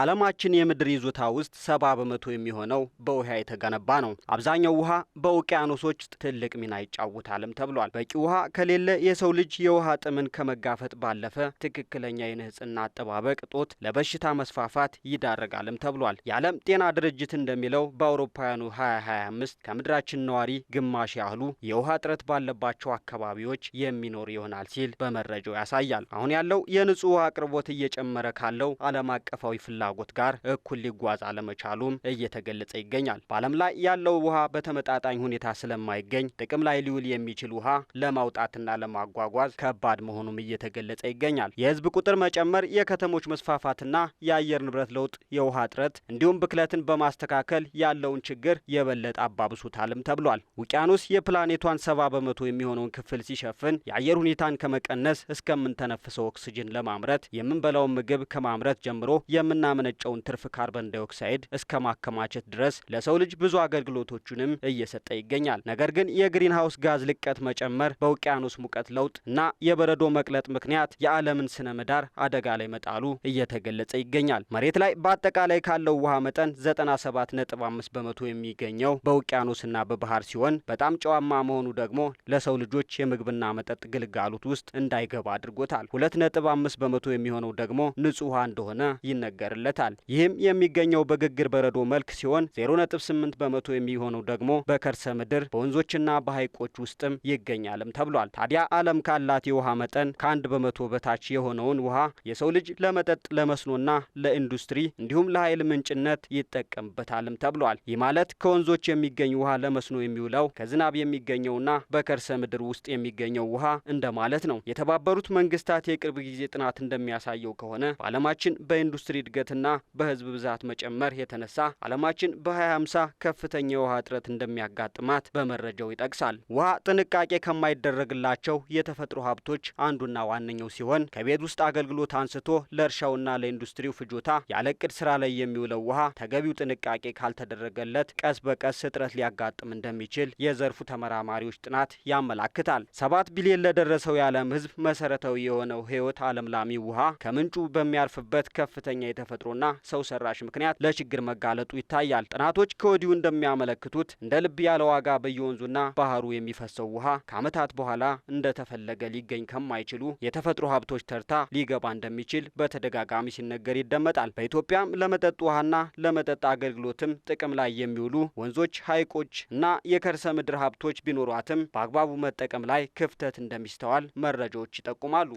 ከዓለማችን የምድር ይዞታ ውስጥ ሰባ በመቶ የሚሆነው በውሃ የተገነባ ነው። አብዛኛው ውሃ በውቅያኖሶች ትልቅ ሚና ይጫወታልም ተብሏል። በቂ ውሃ ከሌለ የሰው ልጅ የውሃ ጥምን ከመጋፈጥ ባለፈ ትክክለኛ የንጽህና አጠባበቅ እጦት ለበሽታ መስፋፋት ይዳረጋልም ተብሏል። የዓለም ጤና ድርጅት እንደሚለው በአውሮፓውያኑ 2025 ከምድራችን ነዋሪ ግማሽ ያህሉ የውሃ እጥረት ባለባቸው አካባቢዎች የሚኖር ይሆናል ሲል በመረጃው ያሳያል። አሁን ያለው የንጹህ ውሃ አቅርቦት እየጨመረ ካለው ዓለም አቀፋዊ ፍላ ፍላጎት ጋር እኩል ሊጓዝ አለመቻሉም እየተገለጸ ይገኛል። በዓለም ላይ ያለው ውሃ በተመጣጣኝ ሁኔታ ስለማይገኝ ጥቅም ላይ ሊውል የሚችል ውሃ ለማውጣትና ለማጓጓዝ ከባድ መሆኑም እየተገለጸ ይገኛል። የህዝብ ቁጥር መጨመር፣ የከተሞች መስፋፋትና የአየር ንብረት ለውጥ የውሃ እጥረት እንዲሁም ብክለትን በማስተካከል ያለውን ችግር የበለጠ አባብሱታልም ተብሏል። ውቅያኖስ የፕላኔቷን ሰባ በመቶ የሚሆነውን ክፍል ሲሸፍን የአየር ሁኔታን ከመቀነስ እስከምንተነፍሰው ኦክስጅን ለማምረት የምንበላውን ምግብ ከማምረት ጀምሮ የምና የሚያመነጨውን ትርፍ ካርበን ዳይኦክሳይድ እስከ ማከማቸት ድረስ ለሰው ልጅ ብዙ አገልግሎቶቹንም እየሰጠ ይገኛል። ነገር ግን የግሪን ሀውስ ጋዝ ልቀት መጨመር በውቅያኖስ ሙቀት ለውጥ እና የበረዶ መቅለጥ ምክንያት የዓለምን ስነ ምህዳር አደጋ ላይ መጣሉ እየተገለጸ ይገኛል። መሬት ላይ በአጠቃላይ ካለው ውሃ መጠን 5 በመቶ የሚገኘው በውቅያኖስና በባህር ሲሆን በጣም ጨዋማ መሆኑ ደግሞ ለሰው ልጆች የምግብና መጠጥ ግልጋሎት ውስጥ እንዳይገባ አድርጎታል። 5 በመቶ የሚሆነው ደግሞ ንጹህ ውሃ እንደሆነ ይነገራል። ይጨመርለታል። ይህም የሚገኘው በግግር በረዶ መልክ ሲሆን 0.8 በመቶ የሚሆነው ደግሞ በከርሰ ምድር በወንዞችና በሐይቆች ውስጥም ይገኛልም ተብሏል። ታዲያ ዓለም ካላት የውሃ መጠን ከአንድ በመቶ በታች የሆነውን ውሃ የሰው ልጅ ለመጠጥ ለመስኖና ለኢንዱስትሪ እንዲሁም ለኃይል ምንጭነት ይጠቀምበታልም ተብሏል። ይህ ማለት ከወንዞች የሚገኝ ውሃ ለመስኖ የሚውለው ከዝናብ የሚገኘውና በከርሰ ምድር ውስጥ የሚገኘው ውሃ እንደማለት ነው። የተባበሩት መንግስታት የቅርብ ጊዜ ጥናት እንደሚያሳየው ከሆነ በዓለማችን በኢንዱስትሪ እድገት ግጭትና በህዝብ ብዛት መጨመር የተነሳ ዓለማችን በ2050 ከፍተኛ የውሃ እጥረት እንደሚያጋጥማት በመረጃው ይጠቅሳል። ውሃ ጥንቃቄ ከማይደረግላቸው የተፈጥሮ ሀብቶች አንዱና ዋነኛው ሲሆን ከቤት ውስጥ አገልግሎት አንስቶ ለእርሻውና ለኢንዱስትሪው ፍጆታ ያለቅድ ስራ ላይ የሚውለው ውሃ ተገቢው ጥንቃቄ ካልተደረገለት ቀስ በቀስ እጥረት ሊያጋጥም እንደሚችል የዘርፉ ተመራማሪዎች ጥናት ያመላክታል። ሰባት ቢሊዮን ለደረሰው የዓለም ህዝብ መሰረታዊ የሆነው ህይወት አለምላሚ ውሃ ከምንጩ በሚያርፍበት ከፍተኛ የተፈ ተፈጥሮና ሰው ሰራሽ ምክንያት ለችግር መጋለጡ ይታያል። ጥናቶች ከወዲሁ እንደሚያመለክቱት እንደ ልብ ያለ ዋጋ በየወንዙና ባህሩ የሚፈሰው ውሃ ከዓመታት በኋላ እንደተፈለገ ሊገኝ ከማይችሉ የተፈጥሮ ሀብቶች ተርታ ሊገባ እንደሚችል በተደጋጋሚ ሲነገር ይደመጣል። በኢትዮጵያም ለመጠጥ ውሃና ለመጠጥ አገልግሎትም ጥቅም ላይ የሚውሉ ወንዞች፣ ሐይቆች እና የከርሰ ምድር ሀብቶች ቢኖሯትም በአግባቡ መጠቀም ላይ ክፍተት እንደሚስተዋል መረጃዎች ይጠቁማሉ።